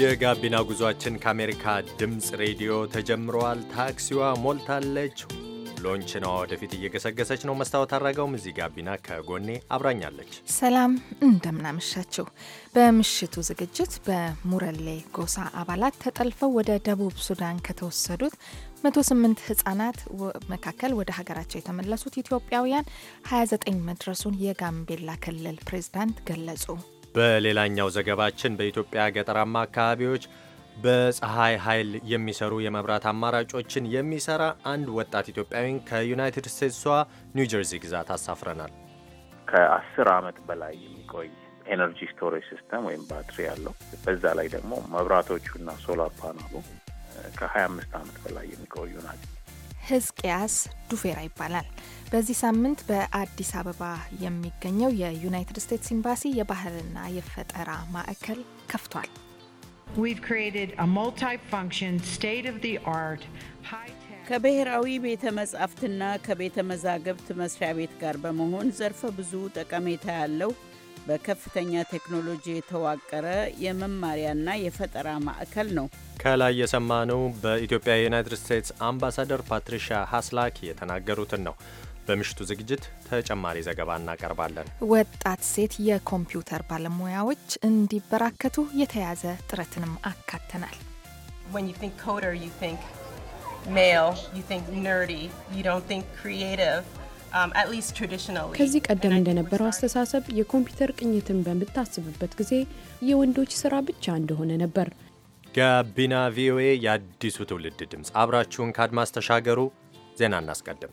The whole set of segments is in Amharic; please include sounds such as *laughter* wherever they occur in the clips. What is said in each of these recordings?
የጋቢና ጉዟችን ከአሜሪካ ድምፅ ሬዲዮ ተጀምረዋል። ታክሲዋ ሞልታለች። ሎንችናዋ ወደፊት እየገሰገሰች ነው። መስታወት አድረገውም እዚህ ጋቢና ከጎኔ አብራኛለች። ሰላም እንደምናመሻችሁ። በምሽቱ ዝግጅት በሙረሌ ጎሳ አባላት ተጠልፈው ወደ ደቡብ ሱዳን ከተወሰዱት 108 ህጻናት መካከል ወደ ሀገራቸው የተመለሱት ኢትዮጵያውያን 29 መድረሱን የጋምቤላ ክልል ፕሬዝዳንት ገለጹ። በሌላኛው ዘገባችን በኢትዮጵያ ገጠራማ አካባቢዎች በፀሐይ ኃይል የሚሰሩ የመብራት አማራጮችን የሚሰራ አንድ ወጣት ኢትዮጵያዊን ከዩናይትድ ስቴትሷ ኒው ጀርዚ ግዛት አሳፍረናል። ከአስር ዓመት በላይ የሚቆይ ኤነርጂ ስቶሬጅ ሲስተም ወይም ባትሪ ያለው በዛ ላይ ደግሞ መብራቶቹና ሶላር ፓናሉ ከ25 ዓመት በላይ የሚቆዩ ናቸው። ህዝቅያስ ዱፌራ ይባላል። በዚህ ሳምንት በአዲስ አበባ የሚገኘው የዩናይትድ ስቴትስ ኤምባሲ የባህልና የፈጠራ ማዕከል ከፍቷል። ከብሔራዊ ቤተ መጻሕፍትና ከቤተ መዛግብት መስሪያ ቤት ጋር በመሆን ዘርፈ ብዙ ጠቀሜታ ያለው በከፍተኛ ቴክኖሎጂ የተዋቀረ የመማሪያና የፈጠራ ማዕከል ነው። ከላይ የሰማነው በኢትዮጵያ የዩናይትድ ስቴትስ አምባሳደር ፓትሪሻ ሀስላክ የተናገሩትን ነው። በምሽቱ ዝግጅት ተጨማሪ ዘገባ እናቀርባለን። ወጣት ሴት የኮምፒውተር ባለሙያዎች እንዲበራከቱ የተያዘ ጥረትንም አካተናል። um, ከዚህ ቀደም እንደነበረው አስተሳሰብ የኮምፒውተር ቅኝትን በምታስብበት ጊዜ የወንዶች ስራ ብቻ እንደሆነ ነበር። ጋቢና ቪኦኤ፣ የአዲሱ ትውልድ ድምፅ፣ አብራችሁን ከአድማስ ተሻገሩ። ዜና እናስቀድም።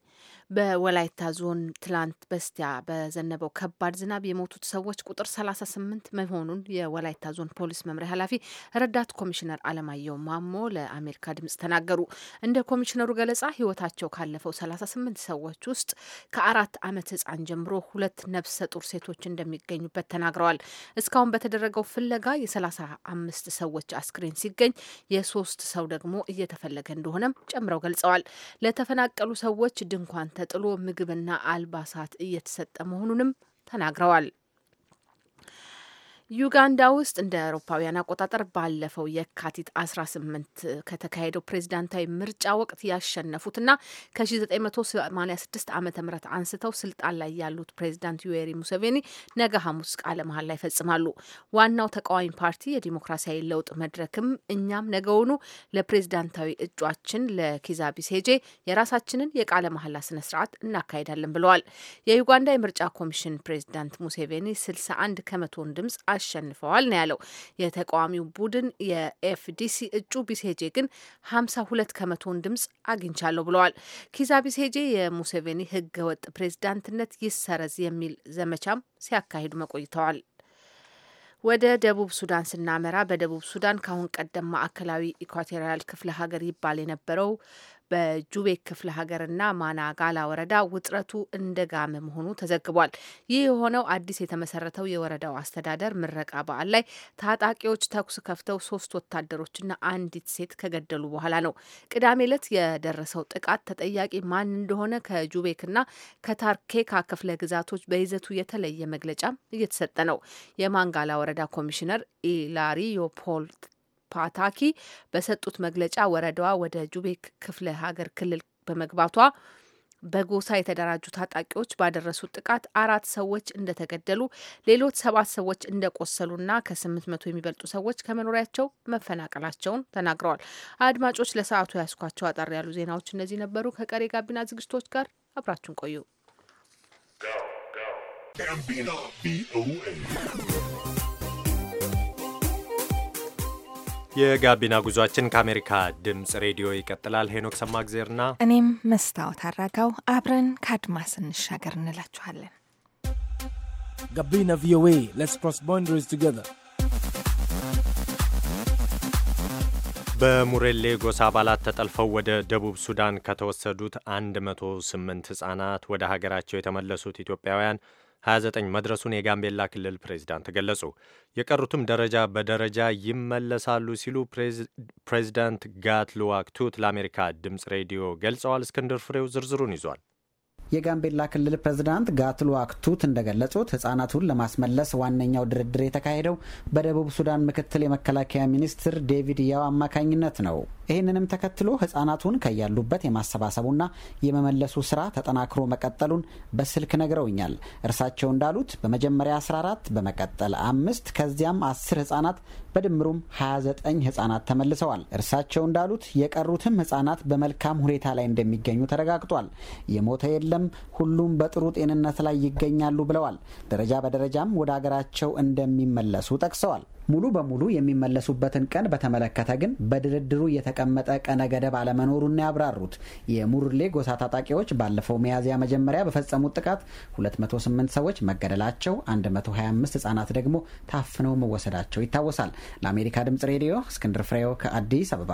በወላይታ ዞን ትላንት በስቲያ በዘነበው ከባድ ዝናብ የሞቱት ሰዎች ቁጥር 38 መሆኑን የወላይታ ዞን ፖሊስ መምሪያ ኃላፊ ረዳት ኮሚሽነር አለማየሁ ማሞ ለአሜሪካ ድምጽ ተናገሩ። እንደ ኮሚሽነሩ ገለጻ ህይወታቸው ካለፈው 38 ሰዎች ውስጥ ከአራት ዓመት ህፃን ጀምሮ ሁለት ነፍሰ ጡር ሴቶች እንደሚገኙበት ተናግረዋል። እስካሁን በተደረገው ፍለጋ የ35 ሰዎች አስክሬን ሲገኝ የሶስት ሰው ደግሞ እየተፈለገ እንደሆነም ጨምረው ገልጸዋል። ለተፈናቀሉ ሰዎች ድንኳን ተጥሎ ምግብና አልባሳት እየተሰጠ መሆኑንም ተናግረዋል። ዩጋንዳ ውስጥ እንደ አውሮፓውያን አቆጣጠር ባለፈው የካቲት 18 ከተካሄደው ፕሬዚዳንታዊ ምርጫ ወቅት ያሸነፉትና ከ1986 ዓ ም አንስተው ስልጣን ላይ ያሉት ፕሬዚዳንት ዩዌሪ ሙሴቬኒ ነገ ሐሙስ ቃለ ላይ ይፈጽማሉ። ዋናው ተቃዋሚ ፓርቲ የዲሞክራሲያዊ ለውጥ መድረክም እኛም ነገውኑ ለፕሬዚዳንታዊ እጩአችን ለኪዛ ቢሴጄ የራሳችንን የቃለ መሀላ ስነ ስርዓት እናካሄዳለን ብለዋል። የዩጋንዳ የምርጫ ኮሚሽን ፕሬዚዳንት ሙሴቬኒ 61 ከመቶን ድምጽ አሸንፈዋል ነው ያለው። የተቃዋሚው ቡድን የኤፍዲሲ እጩ ቢሴጄ ግን ሀምሳ ሁለት ከመቶን ድምጽ አግኝቻለሁ ብለዋል። ኪዛ ቢሴጄ የሙሴቬኒ ህገወጥ ፕሬዝዳንትነት ይሰረዝ የሚል ዘመቻም ሲያካሂዱ መቆይተዋል። ወደ ደቡብ ሱዳን ስናመራ በደቡብ ሱዳን ከአሁን ቀደም ማዕከላዊ ኢኳቶሪያል ክፍለ ሀገር ይባል የነበረው በጁቤ ክፍለ ሀገርና ማና ጋላ ወረዳ ውጥረቱ እንደጋመ መሆኑ ተዘግቧል። ይህ የሆነው አዲስ የተመሰረተው የወረዳው አስተዳደር ምረቃ በዓል ላይ ታጣቂዎች ተኩስ ከፍተው ሶስት ወታደሮችና አንዲት ሴት ከገደሉ በኋላ ነው። ቅዳሜ ዕለት የደረሰው ጥቃት ተጠያቂ ማን እንደሆነ ከጁቤክና ከታርኬካ ክፍለ ግዛቶች በይዘቱ የተለየ መግለጫም እየተሰጠ ነው። የማንጋላ ወረዳ ኮሚሽነር ኢላሪዮ ፖል ፓታኪ በሰጡት መግለጫ ወረዳዋ ወደ ጁቤ ክፍለ ሀገር ክልል በመግባቷ በጎሳ የተደራጁ ታጣቂዎች ባደረሱት ጥቃት አራት ሰዎች እንደተገደሉ ሌሎች ሰባት ሰዎች እንደቆሰሉና ከስምንት መቶ የሚበልጡ ሰዎች ከመኖሪያቸው መፈናቀላቸውን ተናግረዋል። አድማጮች ለሰዓቱ ያስኳቸው አጠር ያሉ ዜናዎች እነዚህ ነበሩ። ከቀሪ ጋቢና ዝግጅቶች ጋር አብራችሁን ቆዩ። የጋቢና ጉዟችን ከአሜሪካ ድምፅ ሬዲዮ ይቀጥላል። ሄኖክ ሰማግዜርና እኔም መስታወት አድራጋው አብረን ከአድማስ እንሻገር እንላችኋለን። ጋቢና ቪኦኤ ሌትስ ክሮስ ቦንደሪስ ቱጌዘር በሙሬሌ ጎሳ አባላት ተጠልፈው ወደ ደቡብ ሱዳን ከተወሰዱት 108 ሕፃናት ወደ ሀገራቸው የተመለሱት ኢትዮጵያውያን 29 መድረሱን የጋምቤላ ክልል ፕሬዚዳንት ገለጹ። የቀሩትም ደረጃ በደረጃ ይመለሳሉ ሲሉ ፕሬዚዳንት ጋት ሉዋክ ቱት ለአሜሪካ ድምፅ ሬዲዮ ገልጸዋል። እስክንድር ፍሬው ዝርዝሩን ይዟል። የጋምቤላ ክልል ፕሬዝዳንት ጋትሉዋክ አክቱት እንደገለጹት ህጻናቱን ለማስመለስ ዋነኛው ድርድር የተካሄደው በደቡብ ሱዳን ምክትል የመከላከያ ሚኒስትር ዴቪድ ያው አማካኝነት ነው። ይህንንም ተከትሎ ህጻናቱን ከያሉበት የማሰባሰቡና የመመለሱ ስራ ተጠናክሮ መቀጠሉን በስልክ ነግረውኛል። እርሳቸው እንዳሉት በመጀመሪያ 14 በመቀጠል አምስት ከዚያም አስር ህጻናት በድምሩም 29 ህጻናት ተመልሰዋል። እርሳቸው እንዳሉት የቀሩትም ህጻናት በመልካም ሁኔታ ላይ እንደሚገኙ ተረጋግጧል። የሞተ የለም፣ ሁሉም በጥሩ ጤንነት ላይ ይገኛሉ ብለዋል። ደረጃ በደረጃም ወደ አገራቸው እንደሚመለሱ ጠቅሰዋል። ሙሉ በሙሉ የሚመለሱበትን ቀን በተመለከተ ግን በድርድሩ የተቀመጠ ቀነ ገደብ አለመኖሩና ያብራሩት የሙርሌ ጎሳ ታጣቂዎች ባለፈው መያዝያ መጀመሪያ በፈጸሙት ጥቃት 208 ሰዎች መገደላቸው፣ 125 ህጻናት ደግሞ ታፍነው መወሰዳቸው ይታወሳል። ለአሜሪካ ድምጽ ሬዲዮ እስክንድር ፍሬው ከአዲስ አበባ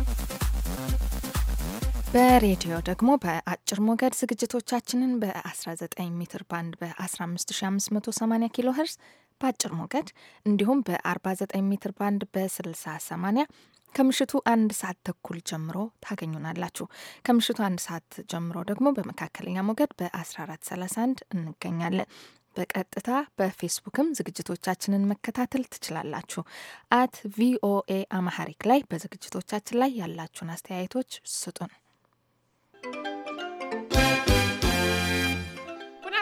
በሬዲዮ ደግሞ በአጭር ሞገድ ዝግጅቶቻችንን በ19 ሜትር ባንድ በ15580 ኪሎ ሄርዝ በአጭር ሞገድ እንዲሁም በ49 ሜትር ባንድ በ6080 ከምሽቱ አንድ ሰዓት ተኩል ጀምሮ ታገኙናላችሁ። ከምሽቱ አንድ ሰዓት ጀምሮ ደግሞ በመካከለኛ ሞገድ በ1431 እንገኛለን። በቀጥታ በፌስቡክም ዝግጅቶቻችንን መከታተል ትችላላችሁ። አት ቪኦኤ አማሐሪክ ላይ በዝግጅቶቻችን ላይ ያላችሁን አስተያየቶች ስጡን።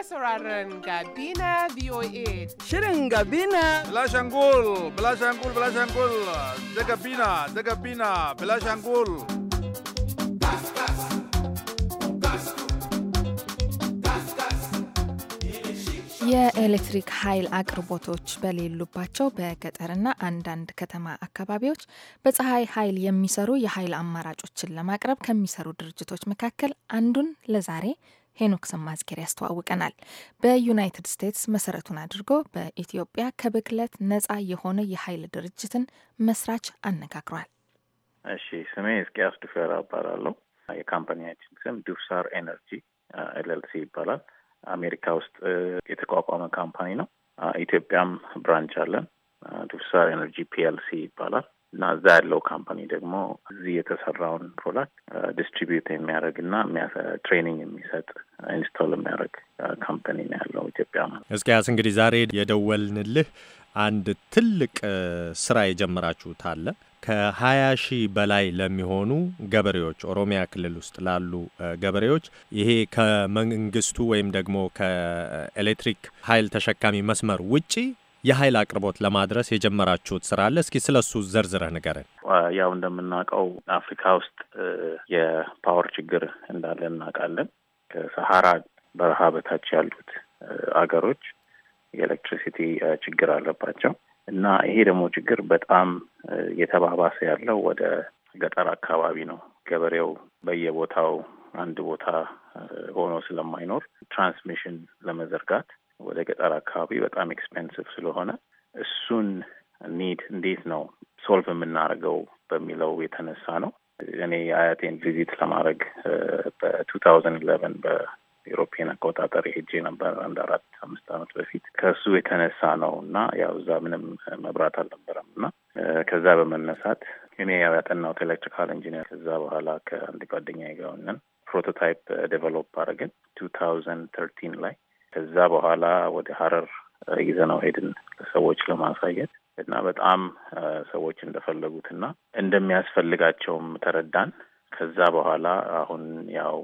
sauraron Gabina VOA. Shirin Gabina. Bilashangul, Bilashangul, Bilashangul. Da Gabina, da Gabina, Bilashangul. የኤሌክትሪክ ኃይል አቅርቦቶች በሌሉባቸው በገጠርና አንዳንድ ከተማ አካባቢዎች በፀሐይ ኃይል የሚሰሩ የኃይል አማራጮችን ለማቅረብ ከሚሰሩ ድርጅቶች መካከል አንዱን ለዛሬ ሄኖክ ሰማዝጌር ያስተዋውቀናል። በዩናይትድ ስቴትስ መሰረቱን አድርጎ በኢትዮጵያ ከብክለት ነጻ የሆነ የኃይል ድርጅትን መስራች አነጋግሯል። እሺ፣ ስሜ እስቅያስ ዱፌራ እባላለሁ። የካምፓኒያችን ስም ዱፍሳር ኤነርጂ ኤልኤልሲ ይባላል። አሜሪካ ውስጥ የተቋቋመ ካምፓኒ ነው። ኢትዮጵያም ብራንች አለን። ዱፍሳር ኤነርጂ ፒኤልሲ ይባላል። እና እዛ ያለው ካምፓኒ ደግሞ እዚህ የተሰራውን ፕሮዳክት ዲስትሪቢዩት uh, የሚያደርግ እና ትሬኒንግ የሚሰጥ ኢንስቶል uh, የሚያደርግ ካምፓኒ uh, ነው ያለው ኢትዮጵያ። እስኪያስ እንግዲህ ዛሬ የደወልንልህ አንድ ትልቅ ስራ የጀመራችሁት አለ ከሀያ ሺህ በላይ ለሚሆኑ ገበሬዎች ኦሮሚያ ክልል ውስጥ ላሉ ገበሬዎች ይሄ ከመንግስቱ ወይም ደግሞ ከኤሌክትሪክ ኃይል ተሸካሚ መስመር ውጪ የኃይል አቅርቦት ለማድረስ የጀመራችሁት ስራ አለ። እስኪ ስለ እሱ ዘርዝረህ ንገረን። ያው እንደምናውቀው አፍሪካ ውስጥ የፓወር ችግር እንዳለ እናውቃለን። ከሰሃራ በረሃ በታች ያሉት አገሮች የኤሌክትሪሲቲ ችግር አለባቸው እና ይሄ ደግሞ ችግር በጣም የተባባሰ ያለው ወደ ገጠር አካባቢ ነው። ገበሬው በየቦታው አንድ ቦታ ሆኖ ስለማይኖር ትራንስሚሽን ለመዘርጋት ወደ ገጠር አካባቢ በጣም ኤክስፔንሲቭ ስለሆነ እሱን ኒድ እንዴት ነው ሶልቭ የምናደርገው በሚለው የተነሳ ነው። እኔ የአያቴን ቪዚት ለማድረግ በቱ ታውዘንድ ኢለቨን በኢሮፒያን አቆጣጠር ሄጄ ነበር አንድ አራት አምስት አመት በፊት ከእሱ የተነሳ ነው እና ያው እዛ ምንም መብራት አልነበረም እና ከዛ በመነሳት እኔ ያው ያጠናሁት ኤሌክትሪካል ኢንጂነር ከዛ በኋላ ከአንድ ጓደኛ ጋር ሆነን ፕሮቶታይፕ ዴቨሎፕ አድርገን ቱ ታውዘንድ ተርቲን ላይ ከዛ በኋላ ወደ ሀረር ይዘነው ሄድን ለሰዎች ለማሳየት እና በጣም ሰዎች እንደፈለጉትና እንደሚያስፈልጋቸውም ተረዳን። ከዛ በኋላ አሁን ያው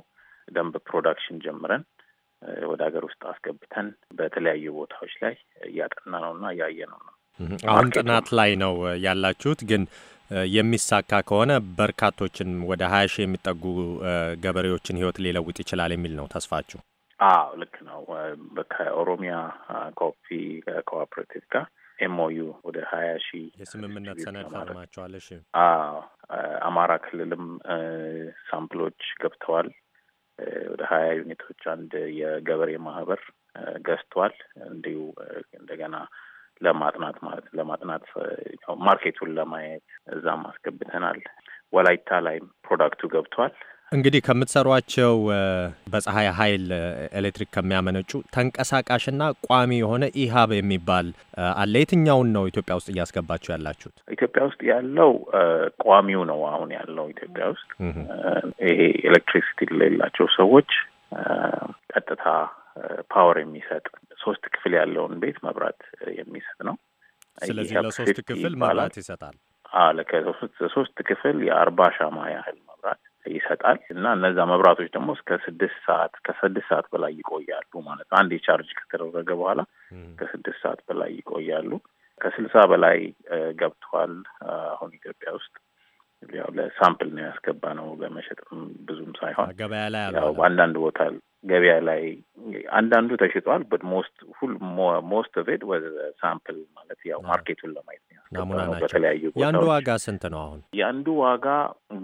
ደንብ ፕሮዳክሽን ጀምረን ወደ ሀገር ውስጥ አስገብተን በተለያዩ ቦታዎች ላይ እያጠና ነውና እያየ ነው ነው አሁን ጥናት ላይ ነው ያላችሁት። ግን የሚሳካ ከሆነ በርካቶችን ወደ ሀያ ሺህ የሚጠጉ ገበሬዎችን ህይወት ሊለውጥ ይችላል የሚል ነው ተስፋችሁ? አዎ ልክ ነው። ከኦሮሚያ ኮፊ ኮኦፕሬቲቭ ጋር ኤምኦዩ ወደ ሀያ ሺህ የስምምነት ሰነድ ፈርማቸዋል። እሺ አማራ ክልልም ሳምፕሎች ገብተዋል። ወደ ሀያ ዩኒቶች አንድ የገበሬ ማህበር ገዝቷል። እንዲሁ እንደገና ለማጥናት ማለት ለማጥናት ማርኬቱን ለማየት እዛም አስገብተናል። ወላይታ ላይም ፕሮዳክቱ ገብቷል። እንግዲህ ከምትሰሯቸው በፀሐይ ኃይል ኤሌክትሪክ ከሚያመነጩ ተንቀሳቃሽና ቋሚ የሆነ ኢሃብ የሚባል አለ። የትኛውን ነው ኢትዮጵያ ውስጥ እያስገባችሁ ያላችሁት? ኢትዮጵያ ውስጥ ያለው ቋሚው ነው። አሁን ያለው ኢትዮጵያ ውስጥ ይሄ ኤሌክትሪሲቲ ለሌላቸው ሰዎች ቀጥታ ፓወር የሚሰጥ ሶስት ክፍል ያለውን ቤት መብራት የሚሰጥ ነው። ስለዚህ ለሶስት ክፍል መብራት ይሰጣል። ለሶስት ክፍል የአርባ ሻማ ያህል ይሰጣል እና እነዛ መብራቶች ደግሞ እስከ ስድስት ሰዓት ከስድስት ሰዓት በላይ ይቆያሉ ማለት ነው። አንድ የቻርጅ ከተደረገ በኋላ ከስድስት ሰዓት በላይ ይቆያሉ። ከስልሳ በላይ ገብተዋል አሁን ኢትዮጵያ ውስጥ ያው ለሳምፕል ነው ያስገባ ነው ለመሸጥም ብዙም ሳይሆን ገበያ ላይ ያው አንዳንድ ቦታ ገበያ ላይ አንዳንዱ ተሽጧል። በት ሞስት ሁል ሞስት ኦፍ ኢት ወደ ሳምፕል ማለት ያው ማርኬቱን ለማየት ነው። በተለያዩ ቦታ። የአንዱ ዋጋ ስንት ነው? አሁን የአንዱ ዋጋ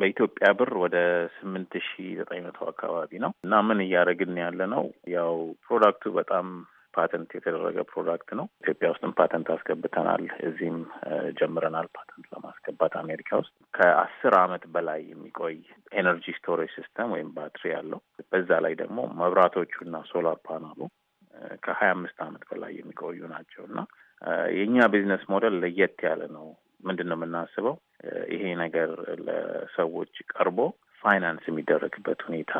በኢትዮጵያ ብር ወደ ስምንት ሺ ዘጠኝ መቶ አካባቢ ነው እና ምን እያደረግን ያለ ነው ያው ፕሮዳክቱ በጣም ፓተንት የተደረገ ፕሮዳክት ነው። ኢትዮጵያ ውስጥም ፓተንት አስገብተናል። እዚህም ጀምረናል ፓተንት ለማስገባት አሜሪካ ውስጥ ከአስር አመት በላይ የሚቆይ ኤነርጂ ስቶሬጅ ሲስተም ወይም ባትሪ ያለው በዛ ላይ ደግሞ መብራቶቹ እና ሶላር ፓናሉ ከሀያ አምስት አመት በላይ የሚቆዩ ናቸው እና የእኛ ቢዝነስ ሞዴል ለየት ያለ ነው። ምንድን ነው የምናስበው? ይሄ ነገር ለሰዎች ቀርቦ ፋይናንስ የሚደረግበት ሁኔታ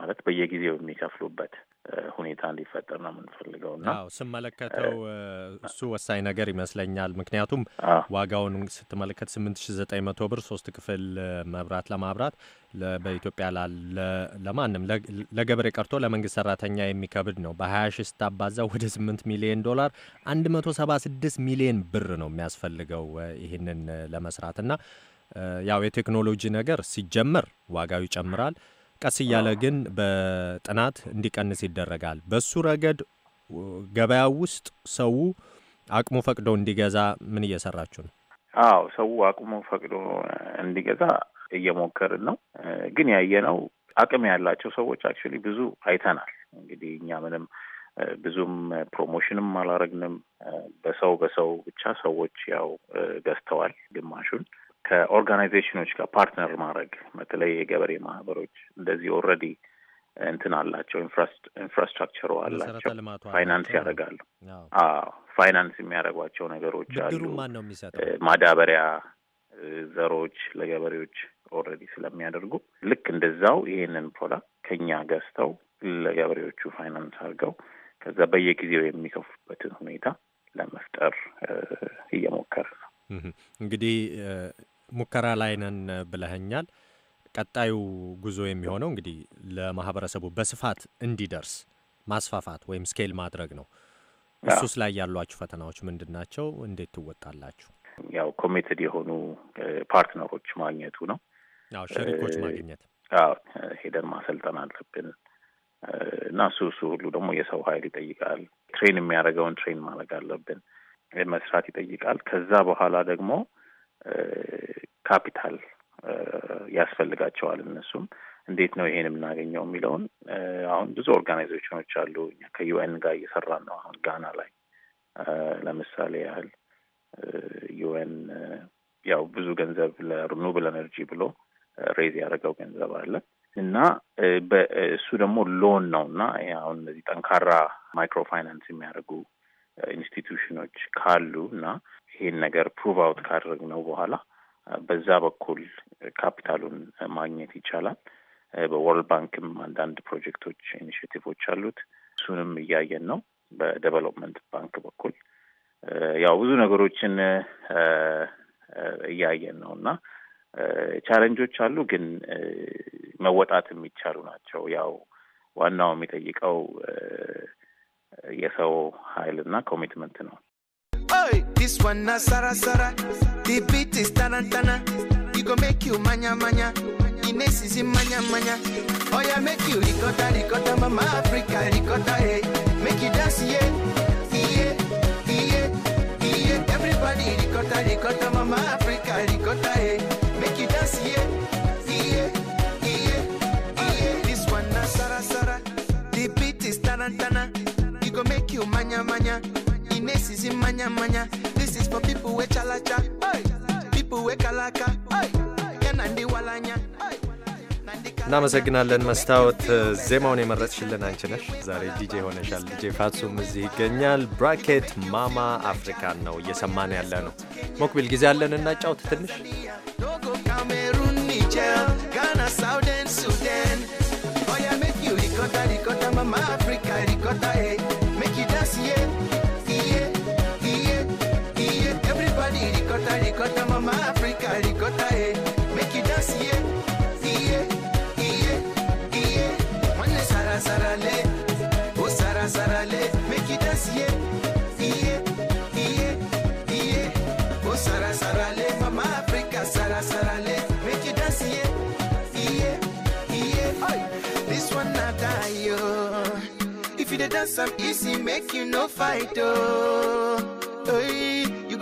ማለት በየጊዜው የሚከፍሉበት ሁኔታ እንዲፈጠር ነው የምንፈልገው እና ስመለከተው እሱ ወሳኝ ነገር ይመስለኛል። ምክንያቱም ዋጋውን ስትመለከት ስምንት ሺ ዘጠኝ መቶ ብር ሶስት ክፍል መብራት ለማብራት በኢትዮጵያ ላለ ለማንም ለገበሬ ቀርቶ ለመንግስት ሰራተኛ የሚከብድ ነው። በሀያ ሺ ስታባዛው ወደ ስምንት ሚሊዮን ዶላር አንድ መቶ ሰባ ስድስት ሚሊዮን ብር ነው የሚያስፈልገው ይህንን ለመስራት እና ያው የቴክኖሎጂ ነገር ሲጀመር ዋጋው ይጨምራል። ቀስ እያለ ግን በጥናት እንዲቀንስ ይደረጋል። በሱ ረገድ ገበያው ውስጥ ሰው አቅሙ ፈቅዶ እንዲገዛ ምን እየሰራችሁ ነው? አዎ ሰው አቅሙ ፈቅዶ እንዲገዛ እየሞከርን ነው። ግን ያየነው አቅም ያላቸው ሰዎች አክቹዋሊ ብዙ አይተናል። እንግዲህ እኛ ምንም ብዙም ፕሮሞሽንም አላረግንም። በሰው በሰው ብቻ ሰዎች ያው ገዝተዋል ግማሹን ከኦርጋናይዜሽኖች ጋር ፓርትነር ማድረግ በተለይ የገበሬ ማህበሮች እንደዚህ ኦልሬዲ እንትን አላቸው፣ ኢንፍራስትራክቸሩ አላቸው፣ ፋይናንስ ያደርጋሉ። ፋይናንስ የሚያደርጓቸው ነገሮች አሉ። ማዳበሪያ፣ ዘሮች ለገበሬዎች ኦልሬዲ ስለሚያደርጉ ልክ እንደዛው ይህንን ፕሮዳክት ከኛ ገዝተው ለገበሬዎቹ ፋይናንስ አድርገው ከዛ በየጊዜው የሚከፉበትን ሁኔታ ለመፍጠር እየሞከር ነው። እንግዲህ ሙከራ ላይ ነን ቀጣዩ ጉዞ የሚሆነው እንግዲህ ለማህበረሰቡ በስፋት እንዲደርስ ማስፋፋት ወይም ስኬል ማድረግ ነው። እሱስ ላይ ያሏችሁ ፈተናዎች ምንድን ናቸው? እንዴት ትወጣላችሁ? ያው ኮሚትድ የሆኑ ፓርትነሮች ማግኘቱ ነው። አዎ ሸሪኮች ማግኘት፣ አዎ ሄደን ማሰልጠን አለብን እና እሱ እሱ ሁሉ ደግሞ የሰው ኃይል ይጠይቃል። ትሬን የሚያደርገውን ትሬን ማድረግ አለብን፣ መስራት ይጠይቃል። ከዛ በኋላ ደግሞ ካፒታል ያስፈልጋቸዋል። እነሱም እንዴት ነው ይሄን የምናገኘው የሚለውን አሁን ብዙ ኦርጋናይዜሽኖች አሉ። እኛ ከዩኤን ጋር እየሰራን ነው። አሁን ጋና ላይ ለምሳሌ ያህል ዩኤን ያው ብዙ ገንዘብ ለሪኑብል ኤነርጂ ብሎ ሬዝ ያደረገው ገንዘብ አለ እና እሱ ደግሞ ሎን ነው እና አሁን እነዚህ ጠንካራ ማይክሮ ፋይናንስ የሚያደርጉ ኢንስቲትዩሽኖች ካሉ እና ይህን ነገር ፕሩቭ አውት ካደረግ ነው በኋላ በዛ በኩል ካፒታሉን ማግኘት ይቻላል። በወርልድ ባንክም አንዳንድ ፕሮጀክቶች፣ ኢኒሽቲቮች አሉት። እሱንም እያየን ነው። በዴቨሎፕመንት ባንክ በኩል ያው ብዙ ነገሮችን እያየን ነው እና ቻለንጆች አሉ፣ ግን መወጣት የሚቻሉ ናቸው። ያው ዋናው የሚጠይቀው የሰው እና ኮሚትመንት ነው። Hey, this one na sara sara. The beat is tarantana. going go make you manya manya. Ines is in manya manya. Oh yeah, make you ricotta ricotta, mama Africa ricotta. Hey, eh. make you dance yeah, yeah, yeah, yeah. Everybody ricotta ricotta, mama Africa ricotta. Hey, eh. make you dance yeah, yeah, yeah, yeah. This one na sara sara. The beat is tarantana. going go make you manya manya. This in manya manya. This is for people with chalacha. People with kalaka. እናመሰግናለን መስታወት ዜማውን የመረጥሽልን አንቺ ነሽ ዛሬ ዲጄ ሆነሻል ዲጄ ፋሱም እዚህ ይገኛል ብራኬት ማማ አፍሪካን ነው እየሰማን ያለ ነው ሞክቢል ጊዜ አለን እና ጫውት ትንሽ ሳውደን ሱደን Africa, Mama Africa, Ligota, eh. Make you dance, yeah. Yeah, yeah, yeah. One Sara Sara le. Oh, Sara Sara le. Make you dance, yeah. Yeah, yeah, yeah. Oh, Sara Sara le. Mama Africa, Sara Sara le. Make you dance, yeah. Yeah, yeah. Oi. This one not die, yo. Oh. If you dance, I'm easy, make you no fight, oh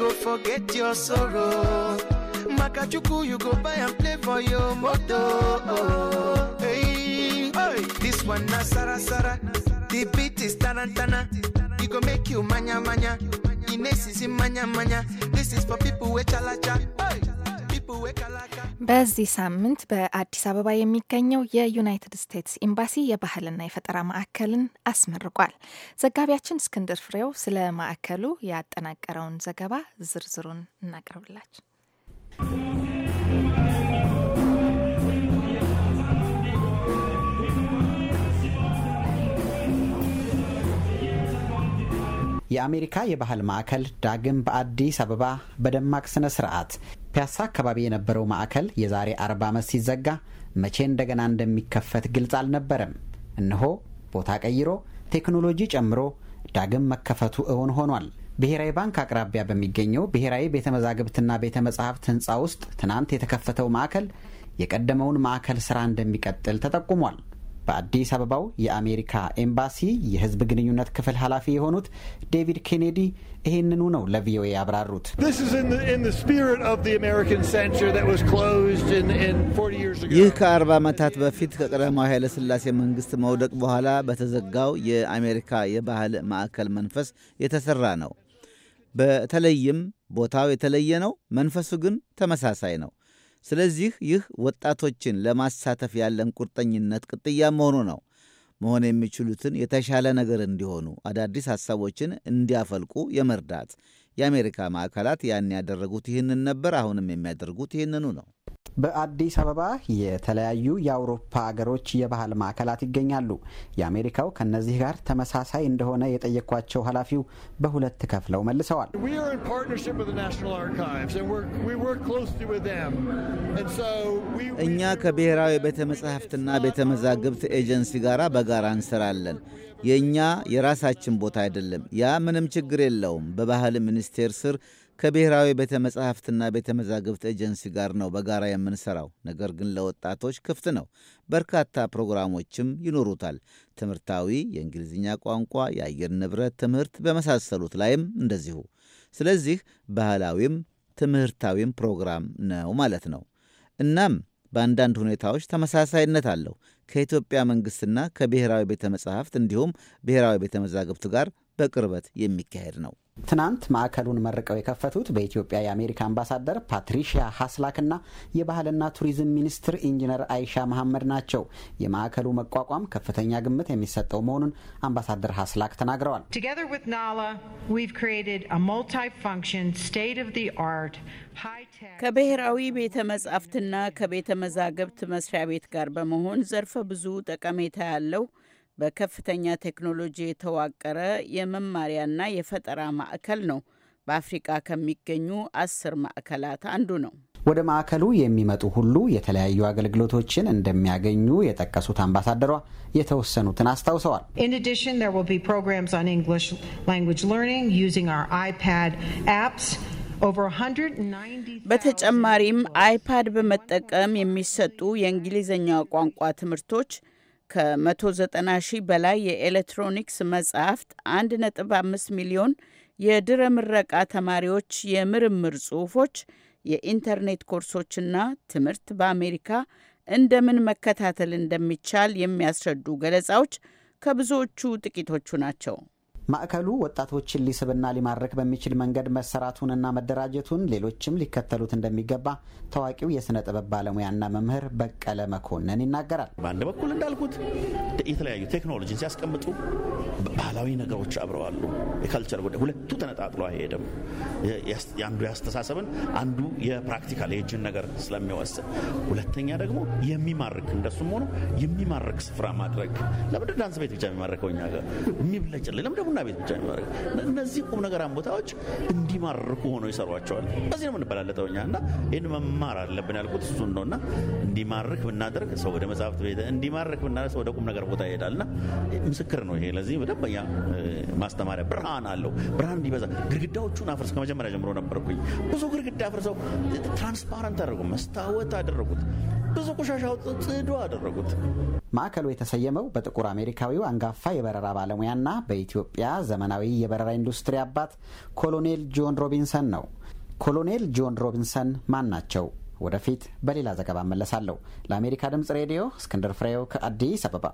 go forget your sorrow. Makachuku, you go buy and play for your moto. Hey, hey. This one na Sara Sara. The beat is tarantana. You go make you manya manya. Ines is in manya manya. This is for people with chalacha. Hey. በዚህ ሳምንት በአዲስ አበባ የሚገኘው የዩናይትድ ስቴትስ ኤምባሲ የባህልና የፈጠራ ማዕከልን አስመርቋል። ዘጋቢያችን እስክንድር ፍሬው ስለ ማዕከሉ ያጠናቀረውን ዘገባ ዝርዝሩን እናቀርብላችሁ? የአሜሪካ የባህል ማዕከል ዳግም በአዲስ አበባ በደማቅ ስነ ስርዓት ፒያሳ አካባቢ የነበረው ማዕከል የዛሬ አርባ ዓመት ሲዘጋ መቼ እንደገና እንደሚከፈት ግልጽ አልነበረም። እነሆ ቦታ ቀይሮ ቴክኖሎጂ ጨምሮ ዳግም መከፈቱ እውን ሆኗል። ብሔራዊ ባንክ አቅራቢያ በሚገኘው ብሔራዊ ቤተ መዛግብትና ቤተ መጻሕፍት ህንፃ ውስጥ ትናንት የተከፈተው ማዕከል የቀደመውን ማዕከል ስራ እንደሚቀጥል ተጠቁሟል። በአዲስ አበባው የአሜሪካ ኤምባሲ የህዝብ ግንኙነት ክፍል ኃላፊ የሆኑት ዴቪድ ኬኔዲ ይህንኑ ነው ለቪኦኤ ያብራሩት። ይህ ከ40 ዓመታት በፊት ከቀዳማዊ ኃይለሥላሴ መንግሥት መውደቅ በኋላ በተዘጋው የአሜሪካ የባህል ማዕከል መንፈስ የተሠራ ነው። በተለይም ቦታው የተለየ ነው፣ መንፈሱ ግን ተመሳሳይ ነው። ስለዚህ ይህ ወጣቶችን ለማሳተፍ ያለን ቁርጠኝነት ቅጥያ መሆኑ ነው። መሆን የሚችሉትን የተሻለ ነገር እንዲሆኑ፣ አዳዲስ ሐሳቦችን እንዲያፈልቁ የመርዳት የአሜሪካ ማዕከላት ያን ያደረጉት ይህንን ነበር፣ አሁንም የሚያደርጉት ይህንኑ ነው። በአዲስ አበባ የተለያዩ የአውሮፓ አገሮች የባህል ማዕከላት ይገኛሉ። የአሜሪካው ከነዚህ ጋር ተመሳሳይ እንደሆነ የጠየኳቸው ኃላፊው በሁለት ከፍለው መልሰዋል። እኛ ከብሔራዊ ቤተ መጻሕፍትና ቤተ መዛግብት ኤጀንሲ ጋር በጋራ እንሰራለን። የእኛ የራሳችን ቦታ አይደለም። ያ ምንም ችግር የለውም። በባህል ሚኒስቴር ስር ከብሔራዊ ቤተ መጻሕፍትና ቤተ መዛግብት ኤጀንሲ ጋር ነው በጋራ የምንሰራው። ነገር ግን ለወጣቶች ክፍት ነው። በርካታ ፕሮግራሞችም ይኖሩታል። ትምህርታዊ፣ የእንግሊዝኛ ቋንቋ፣ የአየር ንብረት ትምህርት በመሳሰሉት ላይም እንደዚሁ። ስለዚህ ባህላዊም ትምህርታዊም ፕሮግራም ነው ማለት ነው። እናም በአንዳንድ ሁኔታዎች ተመሳሳይነት አለው። ከኢትዮጵያ መንግሥትና ከብሔራዊ ቤተ መጻሕፍት እንዲሁም ብሔራዊ ቤተ መዛግብት ጋር በቅርበት የሚካሄድ ነው። ትናንት ማዕከሉን መርቀው የከፈቱት በኢትዮጵያ የአሜሪካ አምባሳደር ፓትሪሺያ ሀስላክና የባህልና ቱሪዝም ሚኒስትር ኢንጂነር አይሻ መሐመድ ናቸው። የማዕከሉ መቋቋም ከፍተኛ ግምት የሚሰጠው መሆኑን አምባሳደር ሀስላክ ተናግረዋል። ከብሔራዊ ቤተ መጻሕፍትና ከቤተ መዛግብት መስሪያ ቤት ጋር በመሆን ዘርፈ ብዙ ጠቀሜታ ያለው በከፍተኛ ቴክኖሎጂ የተዋቀረ የመማሪያና የፈጠራ ማዕከል ነው። በአፍሪቃ ከሚገኙ አስር ማዕከላት አንዱ ነው። ወደ ማዕከሉ የሚመጡ ሁሉ የተለያዩ አገልግሎቶችን እንደሚያገኙ የጠቀሱት አምባሳደሯ የተወሰኑትን አስታውሰዋል። በተጨማሪም አይፓድ በመጠቀም የሚሰጡ የእንግሊዝኛ ቋንቋ ትምህርቶች ከ190 ሺህ በላይ የኤሌክትሮኒክስ መጽሐፍት 1.5 ሚሊዮን የድረ ምረቃ ተማሪዎች የምርምር ጽሑፎች፣ የኢንተርኔት ኮርሶችና ትምህርት በአሜሪካ እንደምን መከታተል እንደሚቻል የሚያስረዱ ገለጻዎች ከብዙዎቹ ጥቂቶቹ ናቸው። ማዕከሉ ወጣቶችን ሊስብና ሊማርክ በሚችል መንገድ መሰራቱንና መደራጀቱን ሌሎችም ሊከተሉት እንደሚገባ ታዋቂው የሥነ ጥበብ ባለሙያና መምህር በቀለ መኮንን ይናገራል። በአንድ በኩል እንዳልኩት የተለያዩ ቴክኖሎጂን ሲያስቀምጡ ባህላዊ ነገሮች አብረዋሉ። የካልቸር ጉዳይ ሁለቱ ተነጣጥሎ አይሄድም። አንዱ ያስተሳሰብን፣ አንዱ የፕራክቲካል የእጅን ነገር ስለሚወስን፣ ሁለተኛ ደግሞ የሚማርክ እንደሱም ሆኖ የሚማርክ ስፍራ ማድረግ ለምድር ዳንስ ቤት ብቻ የሚማርከው እኛ ጋር የሚብለጭልኝ ቡና ቤት ብቻ የሚማረግ እነዚህ ቁም ነገራን ቦታዎች እንዲማርኩ ሆነው ይሰሯቸዋል። እዚህ ነው የምንበላለጠው እኛ እና ይህን መማር አለብን ያልኩት እሱን ነው እና እንዲማርክ ብናደርግ ሰው ወደ መጽሐፍት ቤት እንዲማርክ ብናደርግ ሰው ወደ ቁም ነገር ቦታ ይሄዳል እና ምስክር ነው ይሄ። ለዚህ በደንበኛ ማስተማሪያ ብርሃን አለው። ብርሃን እንዲበዛ ግድግዳዎቹን አፍርስ ከመጀመሪያ ጀምሮ ነበርኩኝ። ብዙ ግድግዳ አፍርሰው ትራንስፓረንት አደረጉ፣ መስታወት አደረጉት። ብዙ ቆሻሻ ጽዱ አደረጉት። ማዕከሉ የተሰየመው በጥቁር አሜሪካዊው አንጋፋ የበረራ ባለሙያና በኢትዮጵያ ዘመናዊ የበረራ ኢንዱስትሪ አባት ኮሎኔል ጆን ሮቢንሰን ነው። ኮሎኔል ጆን ሮቢንሰን ማን ናቸው? ወደፊት በሌላ ዘገባ እመለሳለሁ። ለአሜሪካ ድምፅ ሬዲዮ እስክንድር ፍሬው ከአዲስ አበባ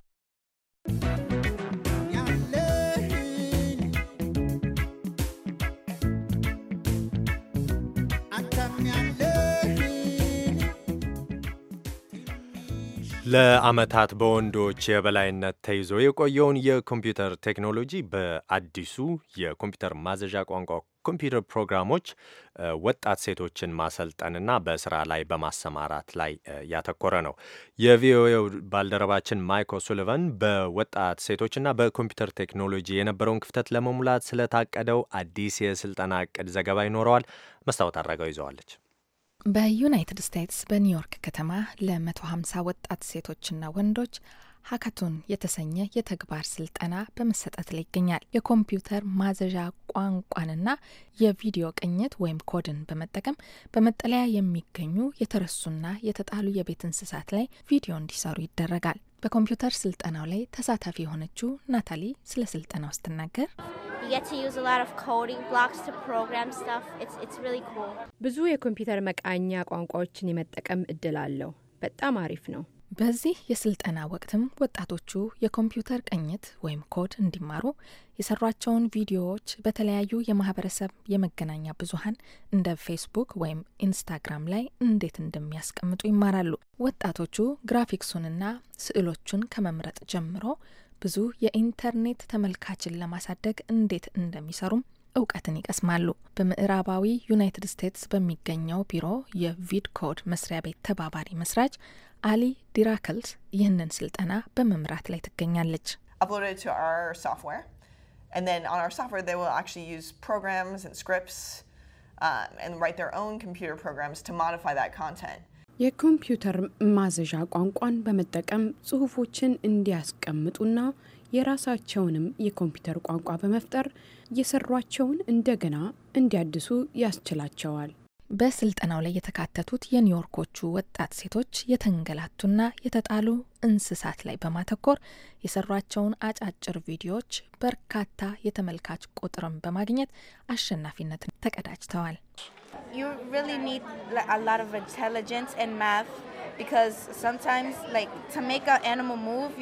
ለዓመታት በወንዶች የበላይነት ተይዞ የቆየውን የኮምፒውተር ቴክኖሎጂ በአዲሱ የኮምፒውተር ማዘዣ ቋንቋ ኮምፒውተር ፕሮግራሞች ወጣት ሴቶችን ማሰልጠንና በስራ ላይ በማሰማራት ላይ ያተኮረ ነው። የቪኦኤው ባልደረባችን ማይክ ሱሊቨን በወጣት ሴቶችና በኮምፒውተር ቴክኖሎጂ የነበረውን ክፍተት ለመሙላት ስለታቀደው አዲስ የስልጠና እቅድ ዘገባ ይኖረዋል። መስታወት አድረገው ይዘዋለች። በዩናይትድ ስቴትስ በኒውዮርክ ከተማ ለ150 ወጣት ሴቶችና ወንዶች ሀካቱን የተሰኘ የተግባር ስልጠና በመሰጠት ላይ ይገኛል። የኮምፒውተር ማዘዣ ቋንቋንና የቪዲዮ ቅኝት ወይም ኮድን በመጠቀም በመጠለያ የሚገኙ የተረሱና የተጣሉ የቤት እንስሳት ላይ ቪዲዮ እንዲሰሩ ይደረጋል። በኮምፒውተር ስልጠናው ላይ ተሳታፊ የሆነችው ናታሊ ስለ ስልጠናው ስትናገር ብዙ የኮምፒውተር መቃኛ ቋንቋዎችን የመጠቀም እድል አለው። በጣም አሪፍ ነው። በዚህ የስልጠና ወቅትም ወጣቶቹ የኮምፒውተር ቅኝት ወይም ኮድ እንዲማሩ የሰሯቸውን ቪዲዮዎች በተለያዩ የማህበረሰብ የመገናኛ ብዙሃን እንደ ፌስቡክ ወይም ኢንስታግራም ላይ እንዴት እንደሚያስቀምጡ ይማራሉ። ወጣቶቹ ግራፊክሱንና ስዕሎቹን ከመምረጥ ጀምሮ ብዙ የኢንተርኔት ተመልካችን ለማሳደግ እንዴት እንደሚሰሩም እውቀትን ይቀስማሉ። በምዕራባዊ ዩናይትድ ስቴትስ በሚገኘው ቢሮ የቪድ ኮድ መስሪያ ቤት ተባባሪ መስራች አሊ ዲራክልስ ይህንን ስልጠና በመምራት ላይ ትገኛለች። um, የኮምፒውተር ማዘዣ ቋንቋን በመጠቀም ጽሁፎችን እንዲያስቀምጡና የራሳቸውንም የኮምፒውተር ቋንቋ በመፍጠር የሰሯቸውን እንደገና እንዲያድሱ ያስችላቸዋል። በስልጠናው ላይ የተካተቱት የኒውዮርኮቹ ወጣት ሴቶች የተንገላቱና የተጣሉ እንስሳት ላይ በማተኮር የሰሯቸውን አጫጭር ቪዲዮዎች በርካታ የተመልካች ቁጥርን በማግኘት አሸናፊነትን ተቀዳጅተዋል። ቢካዝ ሰምታይምስ ላይክ ቱ ሜክ አን ሙቭ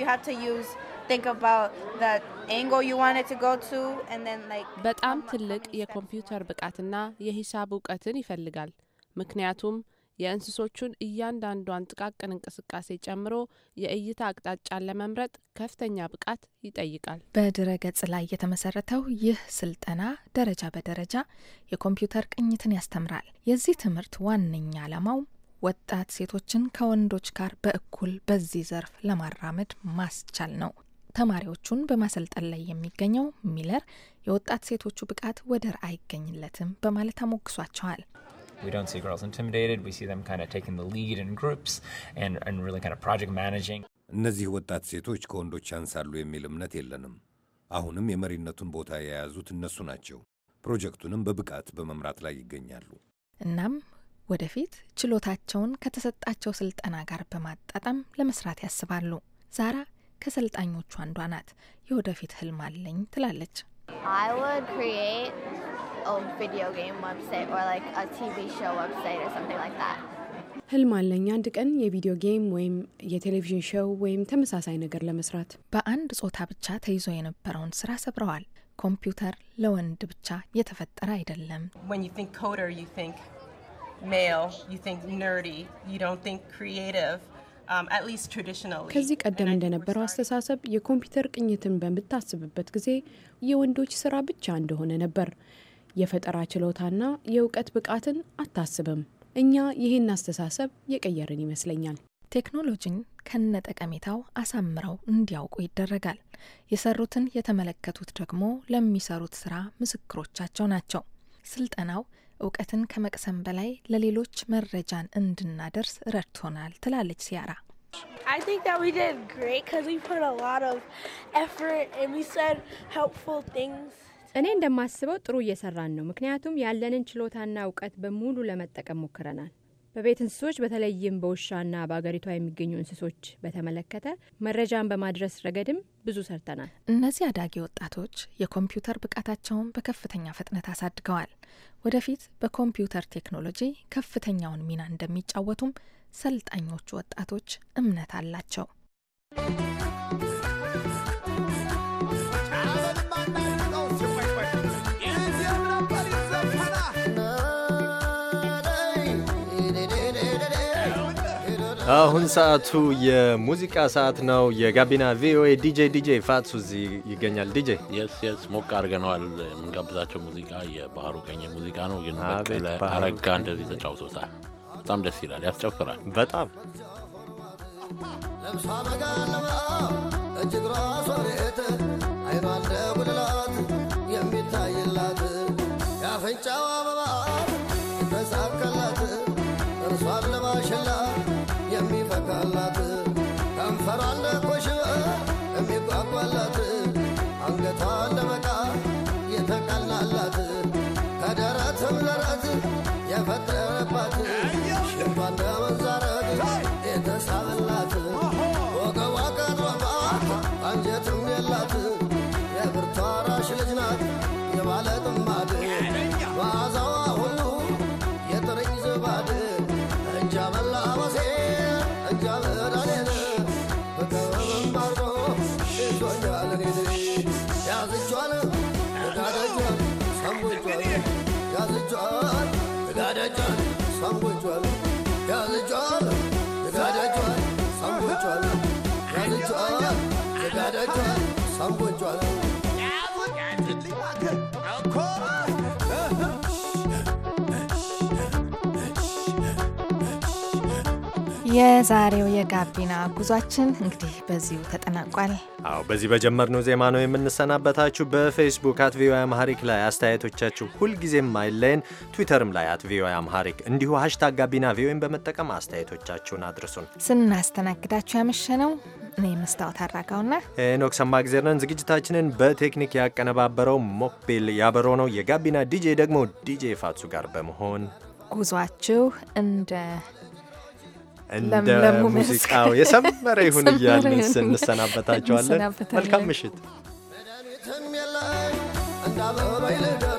ዩ በጣም ትልቅ የኮምፒውተር ብቃትና የሂሳብ እውቀትን ይፈልጋል። ምክንያቱም የእንስሶቹን እያንዳንዷን ጥቃቅን እንቅስቃሴ ጨምሮ የእይታ አቅጣጫን ለመምረጥ ከፍተኛ ብቃት ይጠይቃል። በድረ ገጽ ላይ የተመሰረተው ይህ ስልጠና ደረጃ በደረጃ የኮምፒውተር ቅኝትን ያስተምራል። የዚህ ትምህርት ዋነኛ ዓላማው ወጣት ሴቶችን ከወንዶች ጋር በእኩል በዚህ ዘርፍ ለማራመድ ማስቻል ነው። ተማሪዎቹን በማሰልጠን ላይ የሚገኘው ሚለር የወጣት ሴቶቹ ብቃት ወደር አይገኝለትም በማለት አሞግሷቸዋል። We don't see girls intimidated. We see them kind of taking the lead in groups and, and really kind of project managing. እነዚህ ወጣት ሴቶች ከወንዶች ያንሳሉ የሚል እምነት የለንም። አሁንም የመሪነቱን ቦታ የያዙት እነሱ ናቸው። ፕሮጀክቱንም በብቃት በመምራት ላይ ይገኛሉ። እናም ወደፊት ችሎታቸውን ከተሰጣቸው ስልጠና ጋር በማጣጣም ለመስራት ያስባሉ። ዛራ ከሰልጣኞቹ አንዷ ናት። የወደፊት ህልም አለኝ ትላለች። ህልም አለኝ አንድ ቀን የቪዲዮ ጌም ወይም የቴሌቪዥን ሾው ወይም ተመሳሳይ ነገር ለመስራት። በአንድ ጾታ ብቻ ተይዞ የነበረውን ስራ ሰብረዋል። ኮምፒውተር ለወንድ ብቻ የተፈጠረ አይደለም። ኮደር ሜል ርዲ ዶንት ክሪቲቭ Um, ከዚህ ቀደም እንደነበረው አስተሳሰብ የኮምፒውተር ቅኝትን በምታስብበት ጊዜ የወንዶች ስራ ብቻ እንደሆነ ነበር። የፈጠራ ችሎታና የእውቀት ብቃትን አታስብም። እኛ ይህን አስተሳሰብ የቀየርን ይመስለኛል። ቴክኖሎጂን ከነጠቀሜታው አሳምረው እንዲያውቁ ይደረጋል። የሰሩትን የተመለከቱት ደግሞ ለሚሰሩት ስራ ምስክሮቻቸው ናቸው። ስልጠናው እውቀትን ከመቅሰም በላይ ለሌሎች መረጃን እንድናደርስ ረድቶናል ትላለች ሲያራ። እኔ እንደማስበው ጥሩ እየሰራን ነው። ምክንያቱም ያለንን ችሎታና እውቀት በሙሉ ለመጠቀም ሞክረናል። በቤት እንስሶች በተለይም በውሻና በአገሪቷ የሚገኙ እንስሶች በተመለከተ መረጃን በማድረስ ረገድም ብዙ ሰርተናል። እነዚህ አዳጊ ወጣቶች የኮምፒውተር ብቃታቸውን በከፍተኛ ፍጥነት አሳድገዋል። ወደፊት በኮምፒውተር ቴክኖሎጂ ከፍተኛውን ሚና እንደሚጫወቱም ሰልጣኞቹ ወጣቶች እምነት አላቸው። አሁን ሰዓቱ የሙዚቃ ሰዓት ነው። የጋቢና ቪኦኤ ዲጄ ዲጄ ፋቱ እዚህ ይገኛል። ዲጄ የስ የስ ሞቅ አድርገነዋል። የምንጋብዛቸው ሙዚቃ የባህሩ ቀኝ ሙዚቃ ነው። ግን በቀለ አረጋ እንደዚህ ተጫውቶታል። በጣም ደስ ይላል፣ ያስጨፍራል። በጣም ለብሷ መጋለባ እጅግ የሚታይላት ያፈንጫዋ ከወለበቃ የተቀናላት ከደረትም ለራት የፈጠረባት ሳንጎቿል ያልጇል ዘጋዳጇል ሳንጎቿል ያልጇል ዘጋዳጇል ሳንጎቿል የዛሬው የጋቢና ጉዟችን እንግዲህ በዚሁ ተጠናቋል። አዎ በዚህ በጀመርነው ዜማ ነው የምንሰናበታችሁ። በፌስቡክ አት ቪኦኤ አምሃሪክ ላይ አስተያየቶቻችሁ ሁልጊዜም አይለየን። ትዊተርም ላይ አት ቪኦኤ አምሃሪክ እንዲሁ ሀሽታግ ጋቢና ቪኦኤን በመጠቀም አስተያየቶቻችሁን አድርሱን። ስናስተናግዳችሁ ነው እኔ መስታወት አድራጋውና ኖክ ሰማ ነን። ዝግጅታችንን በቴክኒክ ያቀነባበረው ሞክቤል ያበሮ ነው። የጋቢና ዲጄ ደግሞ ዲጄ ፋቱ ጋር በመሆን ጉዟችሁ እንደ እንደ ሙዚቃው *laughs* የሰመረ ይሁን እያልን ስንሰናበታቸዋለን። መልካም ምሽት። እንዳበባይ ልደር